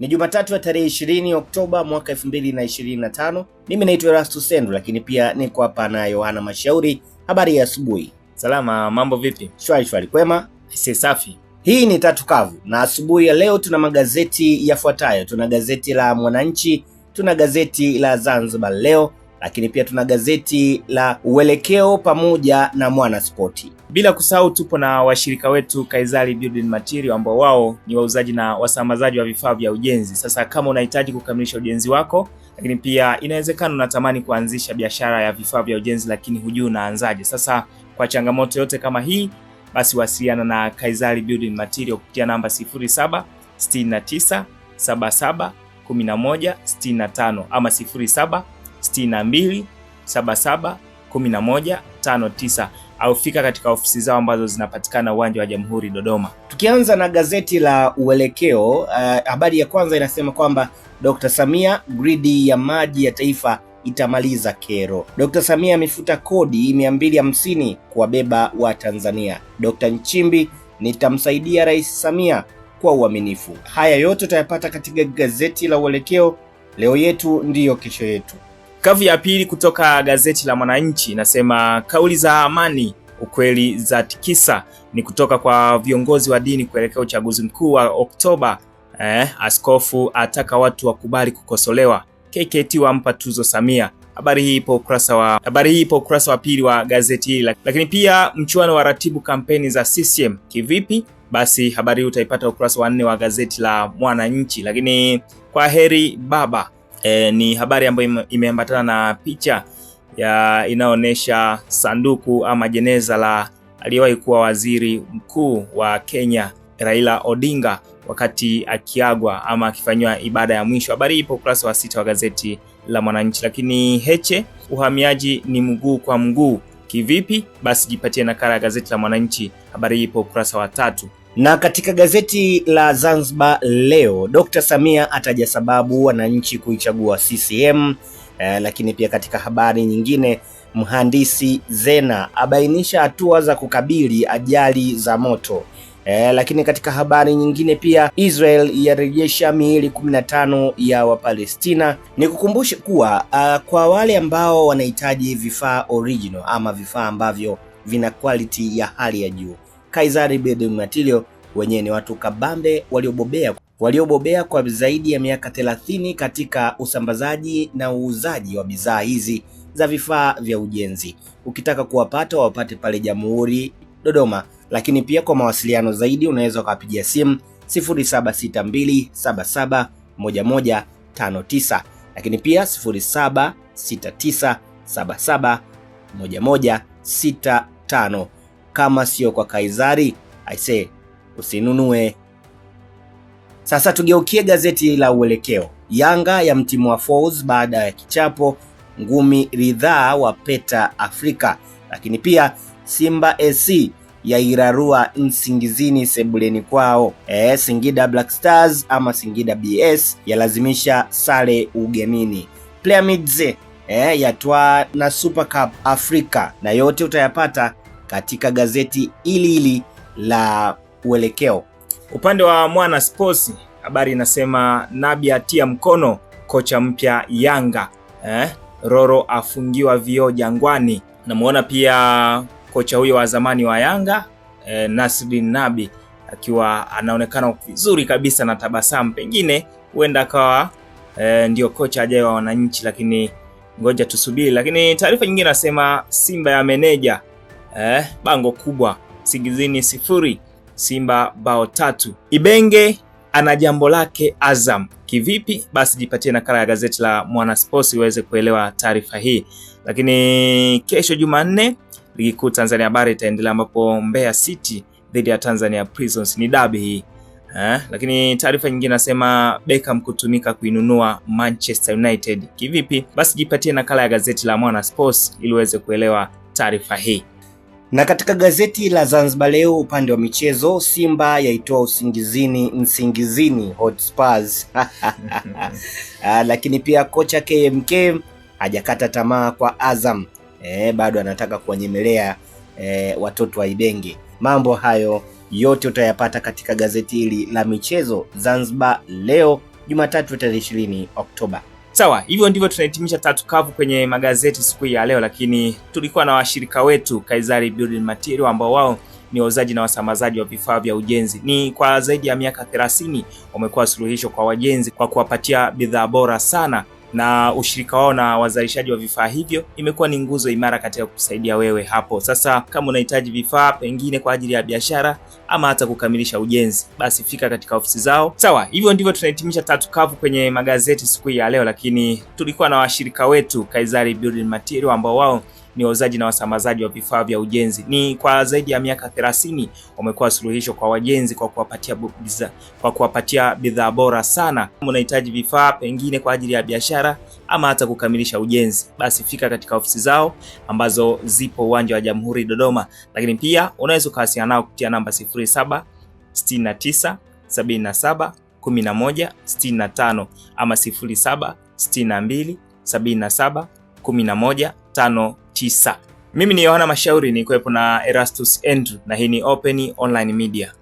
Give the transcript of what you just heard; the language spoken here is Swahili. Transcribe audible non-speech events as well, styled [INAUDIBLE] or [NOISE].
Ni Jumatatu ya tarehe 20 Oktoba mwaka 2025. Mimi naitwa Erasto Sendo, lakini pia niko hapa na Yohana Mashauri. Habari ya asubuhi. Salama, mambo vipi? Shwari shwari, kwema. Si safi. Hii ni Tatu Kavu na asubuhi ya leo tuna magazeti yafuatayo. Tuna gazeti la Mwananchi, tuna gazeti la Zanzibar Leo, lakini pia tuna gazeti la Uelekeo pamoja na Mwanaspoti. Bila kusahau tupo na washirika wetu Kaizali Building Material ambao wao ni wauzaji na wasambazaji wa vifaa vya ujenzi. Sasa kama unahitaji kukamilisha ujenzi wako, lakini pia inawezekana unatamani kuanzisha biashara ya vifaa vya ujenzi, lakini hujui unaanzaje. Sasa kwa changamoto yote kama hii, basi wasiliana na Kaizali Building Material kupitia namba 0769771165 ama 07 0762771159 au fika katika ofisi zao ambazo zinapatikana uwanja wa Jamhuri Dodoma. Tukianza na gazeti la Uelekeo, uh, habari ya kwanza inasema kwamba Dr. Samia, gridi ya maji ya taifa itamaliza kero. Dr. Samia amefuta kodi 250 kuwabeba wa Tanzania. Dr. Nchimbi, nitamsaidia Rais Samia kwa uaminifu. Haya yote utayapata katika gazeti la Uelekeo. Leo yetu ndiyo kesho yetu. Kavu ya pili kutoka gazeti la Mwananchi inasema kauli za amani ukweli za tikisa ni kutoka kwa viongozi wa dini kuelekea uchaguzi mkuu wa Oktoba. Eh, askofu ataka watu wakubali kukosolewa. KKT wampa tuzo Samia. Habari hii ipo ukurasa wa habari hii ipo ukurasa wa pili wa gazeti hili, lakini pia mchuano wa ratibu kampeni za CCM kivipi? Basi habari hii utaipata ukurasa wa nne wa gazeti la Mwananchi. Lakini kwa heri baba e, ni habari ambayo imeambatana na picha ya inayoonyesha sanduku ama jeneza la aliyewahi kuwa waziri mkuu wa Kenya Raila Odinga wakati akiagwa ama akifanyiwa ibada ya mwisho. Habari ipo ukurasa wa sita wa gazeti la Mwananchi. Lakini Heche, uhamiaji ni mguu kwa mguu, kivipi? Basi jipatie nakala ya gazeti la Mwananchi, habari ipo ukurasa wa tatu. Na katika gazeti la Zanzibar Leo, Dr. Samia ataja sababu wananchi kuichagua CCM. Eh, lakini pia katika habari nyingine mhandisi Zena abainisha hatua za kukabili ajali za moto. Eh, lakini katika habari nyingine pia Israel yarejesha miili 15 ya Wapalestina. Nikukumbushe kuwa uh, kwa wale ambao wanahitaji vifaa original ama vifaa ambavyo vina quality ya hali ya juu Kaisari Matilio wenyewe ni watu kabambe waliobobea waliobobea kwa zaidi ya miaka 30 katika usambazaji na uuzaji wa bidhaa hizi za vifaa vya ujenzi. Ukitaka kuwapata wapate pale Jamhuri Dodoma, lakini pia kwa mawasiliano zaidi unaweza ukawapigia simu 0762771159 lakini pia 0769771165 kama sio kwa Kaisari? say usinunue. Sasa tugeukie gazeti la Uelekeo. Yanga ya mtimua Falls baada ya kichapo ngumi ridhaa wa peta Afrika, lakini pia Simba SC yairarua nsingizini sebuleni kwao. E, Singida Black Stars ama Singida BS yalazimisha sare ugenini. Pyramids e, yatwaa na Super Cup Afrika, na yote utayapata katika gazeti ili ili la Uelekeo. Upande wa Mwana Sports habari inasema Nabi atia mkono kocha mpya Yanga eh? Roro afungiwa vioo Jangwani. Namuona pia kocha huyo wa zamani wa Yanga eh, Nasrin Nabi akiwa anaonekana vizuri kabisa na tabasamu, pengine huenda akawa eh, ndio kocha ajaye wa wananchi, lakini ngoja tusubiri. Lakini taarifa nyingine nasema Simba ya meneja eh, bango kubwa Singizini sifuri, Simba bao tatu. Ibenge ana jambo lake Azam kivipi? Basi jipatie nakala ya gazeti la Mwanasports uweze kuelewa taarifa hii. Lakini kesho Jumanne, ligi kuu Tanzania Bara itaendelea ambapo Mbeya City dhidi ya Tanzania Prisons ni dabi hii eh. Lakini taarifa nyingine nasema Beckham kutumika kuinunua Manchester United kivipi? Basi jipatie nakala ya gazeti la Mwanasports ili uweze kuelewa taarifa hii. Na katika gazeti la Zanzibar Leo upande wa michezo, Simba yaitoa usingizini Nsingizini Hotspurs [LAUGHS] lakini pia kocha KMK hajakata tamaa kwa Azam e, bado anataka kuwanyemelea e, watoto wa Ibenge. Mambo hayo yote utayapata katika gazeti hili la michezo Zanzibar Leo Jumatatu tarehe 20 Oktoba. Sawa, hivyo ndivyo tunahitimisha tatu kavu kwenye magazeti siku hii ya leo, lakini tulikuwa na washirika wetu Kaizari Building Material ambao wao ni wauzaji na wasambazaji wa vifaa vya ujenzi. Ni kwa zaidi ya miaka 30 wamekuwa suluhisho kwa wajenzi kwa kuwapatia bidhaa bora sana na ushirika wao na wazalishaji wa vifaa hivyo imekuwa ni nguzo imara katika kusaidia wewe hapo sasa. Kama unahitaji vifaa pengine kwa ajili ya biashara ama hata kukamilisha ujenzi, basi fika katika ofisi zao. Sawa, hivyo ndivyo tunahitimisha tatu kavu kwenye magazeti siku hii ya leo, lakini tulikuwa na washirika wetu Kaisari Building Material ambao wao ni wauzaji na wasambazaji wa vifaa vya ujenzi. Ni kwa zaidi ya miaka 30 wamekuwa suluhisho kwa wajenzi kwa kuwapatia bidhaa, kwa kuwapatia bidhaa bora sana. Unahitaji vifaa pengine kwa ajili ya biashara ama hata kukamilisha ujenzi, basi fika katika ofisi zao ambazo zipo uwanja wa Jamhuri Dodoma, lakini pia unaweza ukawasiliana nao kupitia namba 07 69 77 11 65 ama 07 62 77 11 59. Mimi ni Yohana Mashauri, ni kwepo na Erastus Andrew, na hii ni Open Online Media.